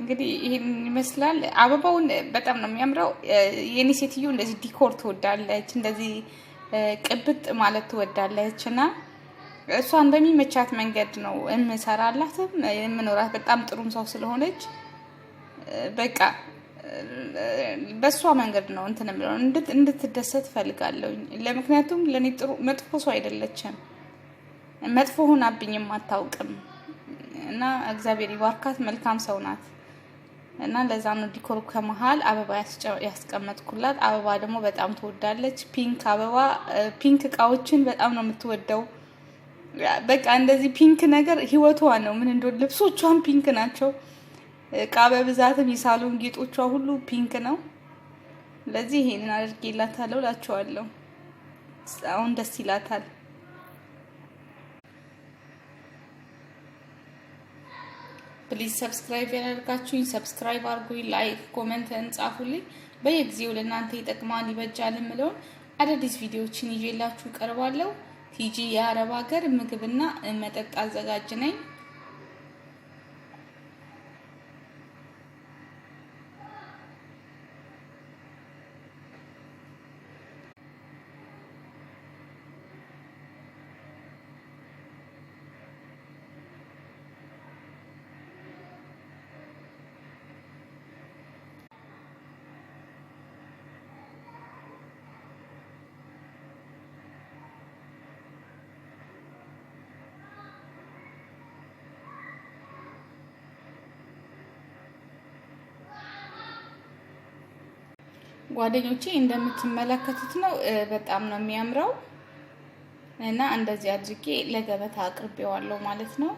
እንግዲህ ይህን ይመስላል። አበባውን በጣም ነው የሚያምረው። የኔ ሴትዮ እንደዚህ ዲኮር ትወዳለች፣ እንደዚህ ቅብጥ ማለት ትወዳለች እና እሷን በሚመቻት መንገድ ነው የምሰራላትም የምኖራት በጣም ጥሩም ሰው ስለሆነች በቃ በእሷ መንገድ ነው እንትን የምለው እንድትደሰት እፈልጋለሁ። ለምክንያቱም ለእኔ ጥሩ መጥፎ ሰው አይደለችም፣ መጥፎ ሆናብኝም አታውቅም እና እግዚአብሔር ይባርካት። መልካም ሰው ናት። እና ለዛ ነው ዲኮር ከመሀል አበባ ያስቀመጥኩላት። አበባ ደግሞ በጣም ትወዳለች። ፒንክ አበባ ፒንክ እቃዎችን በጣም ነው የምትወደው። በቃ እንደዚህ ፒንክ ነገር ህይወቷ ነው። ምን እንደ ልብሶቿን ፒንክ ናቸው። እቃ በብዛትም የሳሎን ጌጦቿ ሁሉ ፒንክ ነው። ለዚህ ይሄንን አድርጌላታለሁ እላቸዋለሁ። አሁን ደስ ይላታል። ፕሊዝ ሰብስክራይብ ያደርጋችሁኝ፣ ሰብስክራይብ አድርጉኝ፣ ላይክ ኮመንት እንጻፉልኝ። በየጊዜው ለእናንተ ይጠቅማል ይበጃል የምለውን አዳዲስ ቪዲዮዎችን ይዤላችሁ ቀርባለሁ። ቲጂ የአረብ ሀገር ምግብና መጠጥ አዘጋጅ ነኝ። ጓደኞቼ እንደምትመለከቱት ነው። በጣም ነው የሚያምረው እና እንደዚህ አድርጌ ለገበታ አቅርቤዋለሁ ማለት ነው።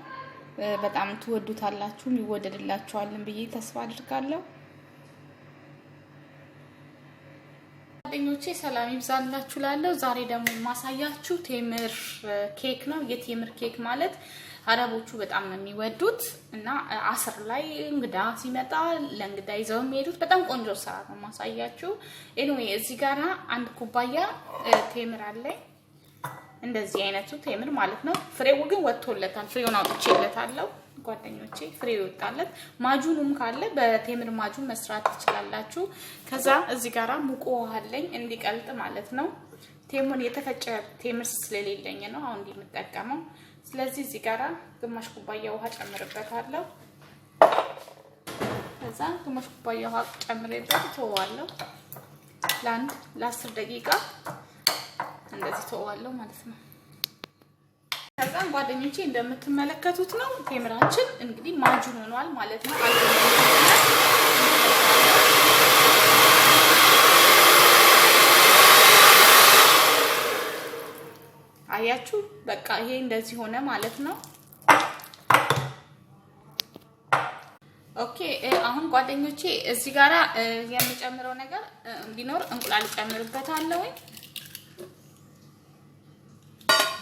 በጣም ትወዱታላችሁም ይወደድላችኋልን ብዬ ተስፋ አድርጋለሁ። ጓደኞቼ ሰላም ይብዛላችሁ ላለው ዛሬ ደግሞ የማሳያችሁ ቴምር ኬክ ነው። የቴምር ኬክ ማለት አረቦቹ በጣም ነው የሚወዱት እና አስር ላይ እንግዳ ሲመጣ ለእንግዳ ይዘው የሚሄዱት በጣም ቆንጆ ስራ ነው ማሳያችሁ። ኤኒዌይ እዚህ ጋር አንድ ኩባያ ቴምር አለ። እንደዚህ አይነቱ ቴምር ማለት ነው። ፍሬው ግን ወጥቶለታል። ፍሬውን አውጥቼለታለሁ ጓደኞቼ፣ ፍሬ ይወጣለት። ማጁንም ካለ በቴምር ማጁን መስራት ትችላላችሁ። ከዛ እዚህ ጋራ ሙቆ ውሃ አለኝ እንዲቀልጥ ማለት ነው። ቴምር የተፈጨ ቴምር ስለሌለኝ ነው አሁን እንዲህ የምጠቀመው ስለዚህ እዚህ ጋር ግማሽ ኩባያ ውሃ ጨምርበታለሁ። ከዛ ግማሽ ኩባያ ውሃ ጨምሬበት ተወዋለሁ። ለአንድ ለአስር ደቂቃ እንደዚህ ተዋለሁ ማለት ነው። ከዛም ጓደኞቼ እንደምትመለከቱት ነው ቴምራችን እንግዲህ ማጁን ሆኗል ማለት ነው። አያችሁ፣ በቃ ይሄ እንደዚህ ሆነ ማለት ነው። ኦኬ አሁን ጓደኞቼ እዚህ ጋራ የምጨምረው ነገር ቢኖር እንቁላል ጨምርበታለሁ።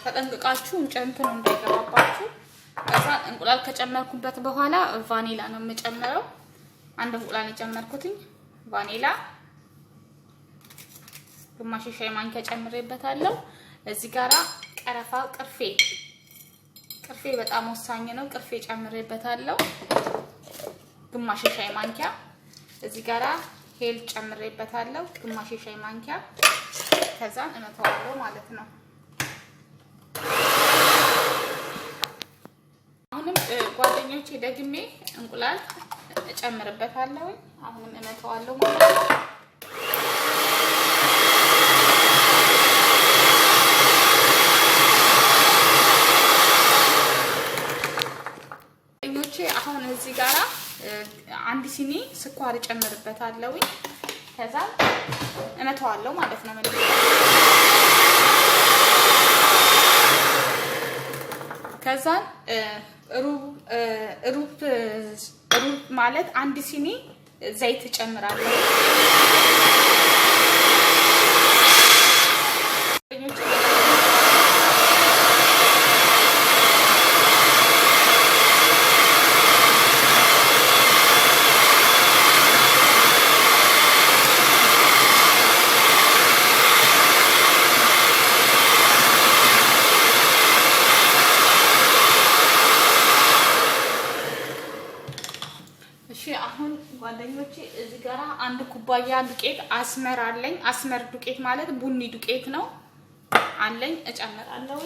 ተጠንቅቃችሁ እንጨምት ነው እንዳይገባባችሁ። ከዛ እንቁላል ከጨመርኩበት በኋላ ቫኒላ ነው የምጨምረው። አንድ እንቁላል የጨመርኩትኝ ቫኒላ ግማሽ ሻይ ማንኪያ ጨምሬበታለሁ። እዚህ ጋራ ቀረፋ ቅርፌ ቅርፌ በጣም ወሳኝ ነው። ቅርፌ ጨምሬበታለሁ ግማሽ ሻይ ማንኪያ እዚህ ጋራ ሄል ጨምሬበታለሁ ግማሽ ሻይ ማንኪያ ከዛን እመተዋለሁ ማለት ነው። አሁንም ጓደኞቼ ደግሜ እንቁላል እጨምርበታለሁ አሁንም እመተዋለሁ ማለት ነው። አንድ ሲኒ ስኳር እጨምርበታለሁ። ከዛ እመተዋለሁ ማለት ነው። ከዛ ሩብ ሩብ ማለት አንድ ሲኒ ዘይት እጨምራለሁ። ዱቄት አስመር አለኝ። አስመር ዱቄት ማለት ቡኒ ዱቄት ነው አለኝ። እጨምራለሁ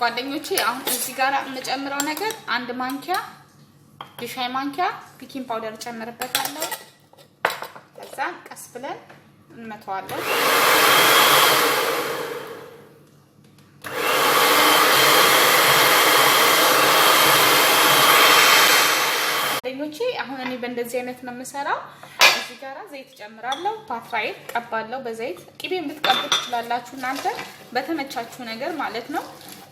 ጓደኞቼ። አሁን እዚህ ጋር የምጨምረው ነገር አንድ ማንኪያ የሻይ ማንኪያ ፒኪንግ ፓውደር እጨምርበታለሁ። ከዛ ቀስ ብለን እንመተዋለን። አሁን እኔ በእንደዚህ አይነት ነው የምሰራው። እዚህ ጋራ ዘይት ጨምራለሁ፣ ፓትራዬ ቀባለሁ በዘይት ቂቤን የምትቀቡ ትችላላችሁ እናንተ በተመቻችሁ ነገር ማለት ነው።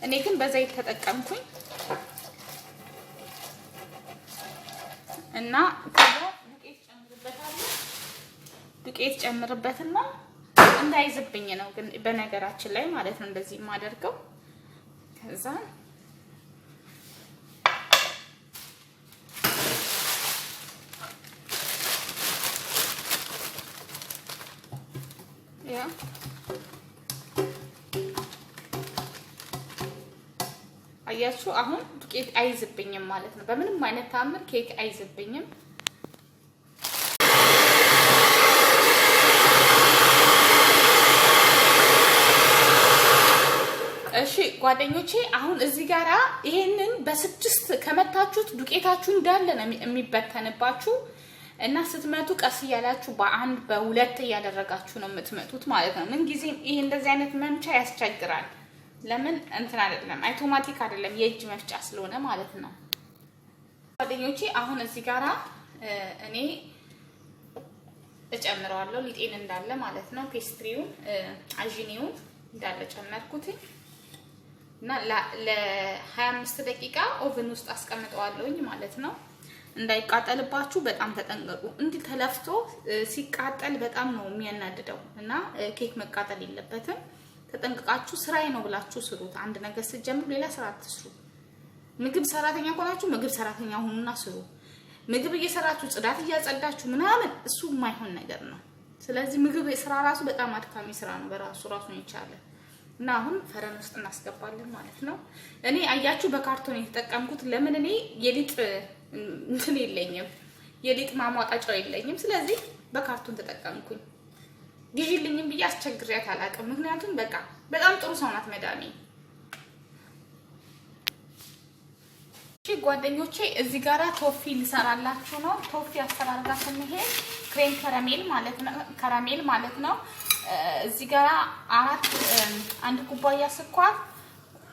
እኔ ግን በዘይት ተጠቀምኩኝ እና ዱቄት ጨምርበትና እንዳይዝብኝ ነው ግን በነገራችን ላይ ማለት ነው እንደዚህ የማደርገው ከዛ አያችሁ አሁን ዱቄት አይዝብኝም ማለት ነው። በምንም አይነት ታምር ኬክ አይዝብኝም። እሺ ጓደኞቼ አሁን እዚህ ጋራ ይሄንን በስድስት ከመታችሁት ዱቄታችሁ እንዳለ ነው የሚበተንባችሁ እና ስትመቱ ቀስ እያላችሁ በአንድ በሁለት እያደረጋችሁ ነው የምትመቱት ማለት ነው። ምንጊዜም ይሄ እንደዚህ አይነት መምቻ ያስቸግራል። ለምን እንትን አይደለም አውቶማቲክ አይደለም፣ የእጅ መፍጫ ስለሆነ ማለት ነው። ጓደኞቼ አሁን እዚህ ጋራ እኔ እጨምረዋለሁ ሊጤን እንዳለ ማለት ነው። ፔስትሪውን አዥኒውን እንዳለ ጨመርኩትኝ እና ለ25 ደቂቃ ኦቨን ውስጥ አስቀምጠዋለሁኝ ማለት ነው። እንዳይቃጠልባችሁ በጣም ተጠንቀቁ። እንዲህ ተለፍቶ ሲቃጠል በጣም ነው የሚያናድደው እና ኬክ መቃጠል የለበትም። ተጠንቅቃችሁ ስራዬ ነው ብላችሁ ስሩት። አንድ ነገር ስትጀምሩ ሌላ ስራ አትስሩ። ምግብ ሰራተኛ ከሆናችሁ ምግብ ሰራተኛ ሁኑና ስሩ። ምግብ እየሰራችሁ ጽዳት እያጸዳችሁ ምናምን እሱ የማይሆን ነገር ነው። ስለዚህ ምግብ ስራ ራሱ በጣም አድካሚ ስራ ነው በራሱ ራሱን የቻለ እና አሁን ፈረን ውስጥ እናስገባለን ማለት ነው። እኔ አያችሁ በካርቶን የተጠቀምኩት ለምን እኔ የሊጥ እንትን የለኝም፣ የሊጥ ማሟጣጫው የለኝም። ስለዚህ በካርቶን ተጠቀምኩኝ። ግዢልኝም ብዬ አስቸግሪያት አላውቅም። ምክንያቱም በቃ በጣም ጥሩ ሰው ናት መዳሜ። ጓደኞቼ እዚህ ጋራ ቶፊ ልሰራላችሁ ነው። ቶፊ አሰራር ጋር ስንሄድ ክሬም ከረሜል ማለት ነው ከረሜል ማለት ነው። እዚህ ጋራ አራት አንድ ኩባያ ስኳር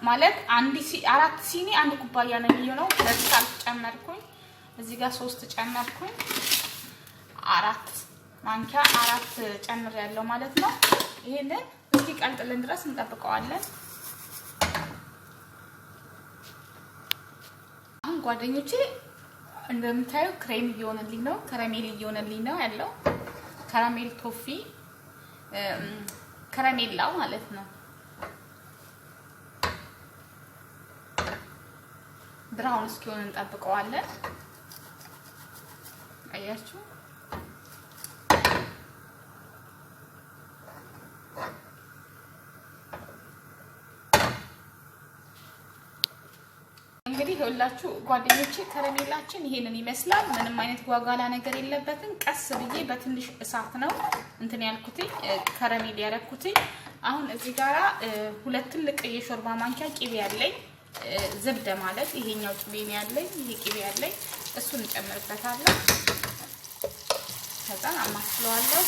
ማለት አንድ ሲ አራት ሲኒ አንድ ኩባያ ነው የሚሆነው። ሁለት ጨመርኩኝ። እዚህ ጋር ሶስት ጨመርኩኝ አራት ማንኪያ አራት ጨምር ያለው ማለት ነው። ይሄንን ቀልጥልን ድረስ እንጠብቀዋለን። አሁን ጓደኞቼ እንደምታዩ ክሬም እየሆነልኝ ነው፣ ከረሜል እየሆነልኝ ነው ያለው ከረሜል ቶፊ ከረሜላው ማለት ነው። ብራውን እስኪሆን እንጠብቀዋለን። አያችሁ። እንግዲህ ሁላችሁ ጓደኞቼ ከረሜላችን ይሄንን ይመስላል። ምንም አይነት ጓጓላ ነገር የለበትም። ቀስ ብዬ በትንሽ እሳት ነው እንትን ያልኩትኝ ከረሜል ያረኩትኝ። አሁን እዚህ ጋራ ሁለት ትልቅ የሾርባ ማንኪያ ቂቤ ያለኝ ዝብደ ማለት ይሄኛው ቂቤ ያለኝ ይሄ ቂቤ ያለኝ እሱን እንጨምርበታለሁ። ከዛ አማስለዋለሁ።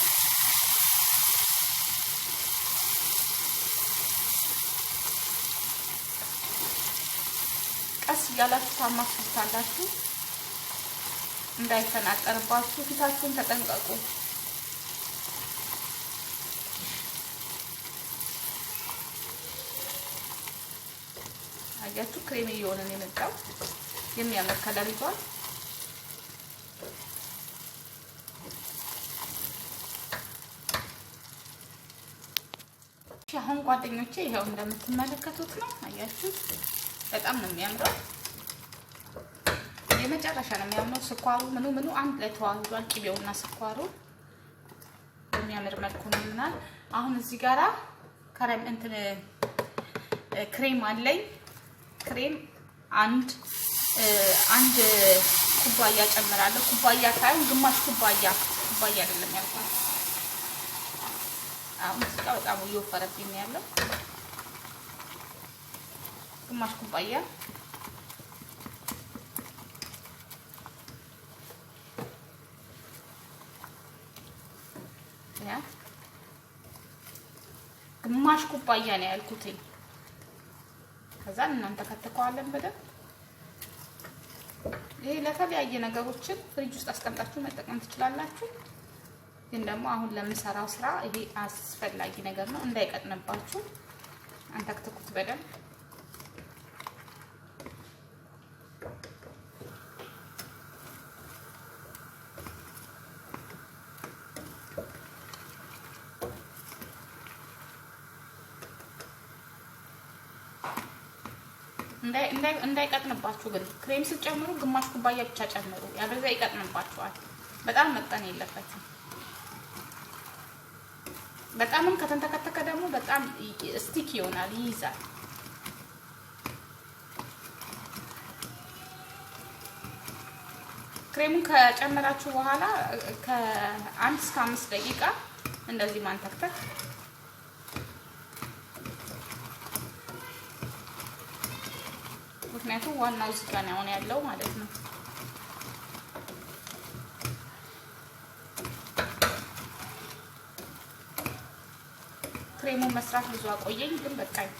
እያላችሁ ታማስታላችሁ እንዳይፈናቀርባችሁ ፊታችሁን ተጠንቀቁ። አያችሁ ክሬም እየሆነ ነው የመጣው። የሚያምር ከለር ይዟል። አሁን ጓደኞቼ ይኸው እንደምትመለከቱት ነው። አያችሁ በጣም ነው የሚያምረው። የመጨረሻ ነው የሚያምረው ስኳሩ ምኑ ምኑ አንድ ላይ ተዋህዷል። ቅቤውና ስኳሩ በሚያምር መልኩ ምናል። አሁን እዚህ ጋራ ከረም እንትን ክሬም አለኝ። ክሬም አንድ አንድ ኩባያ ጨምራለሁ። ኩባያ ሳይሆን ግማሽ ኩባያ ኩባያ አይደለም ያልኳት። አሁን እዚህ ጋር በጣም እየወፈረብኝ ያለው ግማሽ ኩባያ ግማሽ ኩባያ ነው ያልኩትኝ። ከዛ እናንተ ከተከዋለን በደንብ ይሄ ለተለያየ ነገሮችን ፍሪጅ ውስጥ አስቀምጣችሁ መጠቀም ትችላላችሁ። ግን ደግሞ አሁን ለምሰራው ስራ ይሄ አስፈላጊ ነገር ነው፣ እንዳይቀጥንባችሁ አንተክትኩት በደንብ እንዳይቀጥንባችሁ ግን ክሬም ስትጨምሩ ግማሽ ኩባያ ብቻ ጨምሩ። ያበዛ ይቀጥንባችኋል። በጣም መጠን የለበትም። በጣምም ከተንተከተከ ደግሞ በጣም ስቲክ ይሆናል፣ ይይዛል። ክሬሙን ከጨመራችሁ በኋላ ከአንድ እስከ አምስት ደቂቃ እንደዚህ ማንተክተክ ምክንያቱም ዋናው እዚህ ጋር አሁን ያለው ማለት ነው። ክሬሙን መስራት ብዙ አቆየኝ፣ ግን በቃኝ።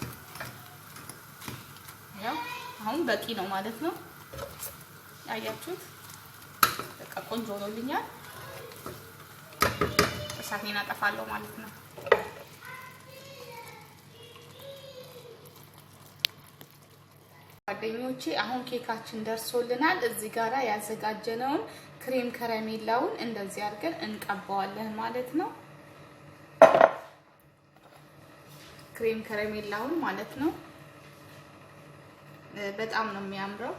ያው አሁን በቂ ነው ማለት ነው። ያያችሁት በቃ ቆንጆ ሆኖልኛል። እሳቴን አጠፋለሁ ማለት ነው። ጓደኞቼ አሁን ኬካችን ደርሶልናል። እዚህ ጋራ ያዘጋጀነውን ክሬም ከረሜላውን እንደዚህ አድርገን እንቀባዋለን ማለት ነው። ክሬም ከረሜላውን ማለት ነው። በጣም ነው የሚያምረው።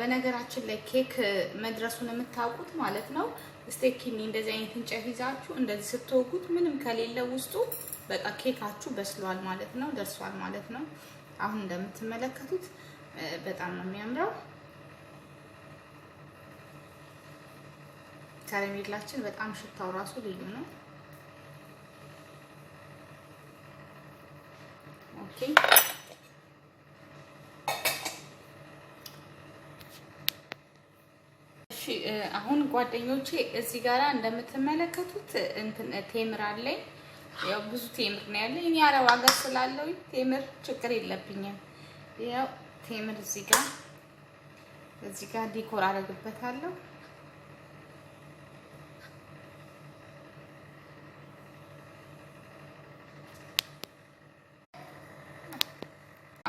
በነገራችን ላይ ኬክ መድረሱን የምታውቁት ማለት ነው ስቴኪኒ እንደዚህ አይነት እንጨት ይዛችሁ እንደዚህ ስትወጉት ምንም ከሌለ ውስጡ በቃ ኬካችሁ በስሏል ማለት ነው፣ ደርሷል ማለት ነው። አሁን እንደምትመለከቱት በጣም ነው የሚያምረው። ከረሜላችን በጣም ሽታው ራሱ ልዩ ነው። ኦኬ አሁን ጓደኞቼ እዚህ ጋራ እንደምትመለከቱት እንትን ቴምር አለኝ። ያው ብዙ ቴምር ነው ያለኝ። እኔ አረብ ሀገር ስላለሁኝ ቴምር ችግር የለብኝም። ያው ቴምር እዚህ ጋር እዚህ ጋር ዲኮር አደርግበታለሁ።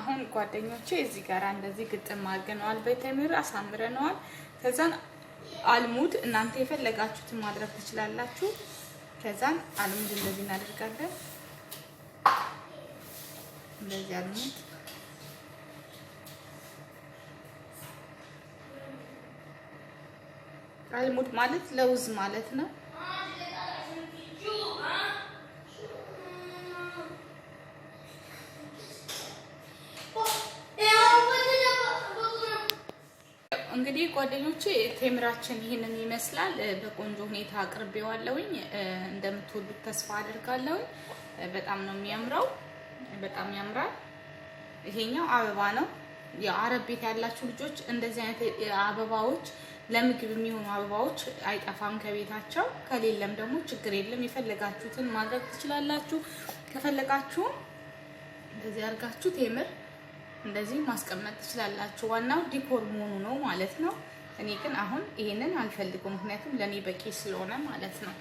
አሁን ጓደኞቼ እዚህ ጋር እንደዚህ ግጥም አድርገነዋል፣ በቴምር አሳምረነዋል። ከዛን አልሙድ እናንተ የፈለጋችሁትን ማድረግ ትችላላችሁ። ከዛን አልሙድ እንደዚህ እናደርጋለን። እንደዚህ አልሙድ አልሙድ ማለት ለውዝ ማለት ነው። እንግዲህ ጓደኞቼ ቴምራችን ይህንን ይመስላል። በቆንጆ ሁኔታ አቅርቤዋለሁኝ። እንደምትወዱት ተስፋ አድርጋለሁኝ። በጣም ነው የሚያምረው፣ በጣም ያምራል። ይሄኛው አበባ ነው። የአረብ ቤት ያላችሁ ልጆች እንደዚህ አይነት አበባዎች ለምግብ የሚሆኑ አበባዎች አይጠፋም ከቤታቸው። ከሌለም ደግሞ ችግር የለም፣ የፈለጋችሁትን ማድረግ ትችላላችሁ። ከፈለጋችሁም እንደዚህ አድርጋችሁ ቴምር እንደዚህ ማስቀመጥ ትችላላችሁ። ዋናው ዲኮር መሆኑ ነው ማለት ነው። እኔ ግን አሁን ይሄንን አልፈልጉም፣ ምክንያቱም ለእኔ በቂ ስለሆነ ማለት ነው።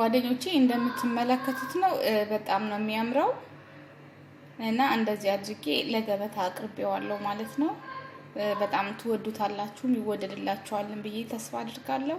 ጓደኞቼ እንደምትመለከቱት ነው። በጣም ነው የሚያምረው እና እንደዚህ አድርጌ ለገበታ አቅርቤዋለሁ ማለት ነው። በጣም ትወዱታላችሁም ይወደድላችኋልን ብዬ ተስፋ አድርጋለሁ።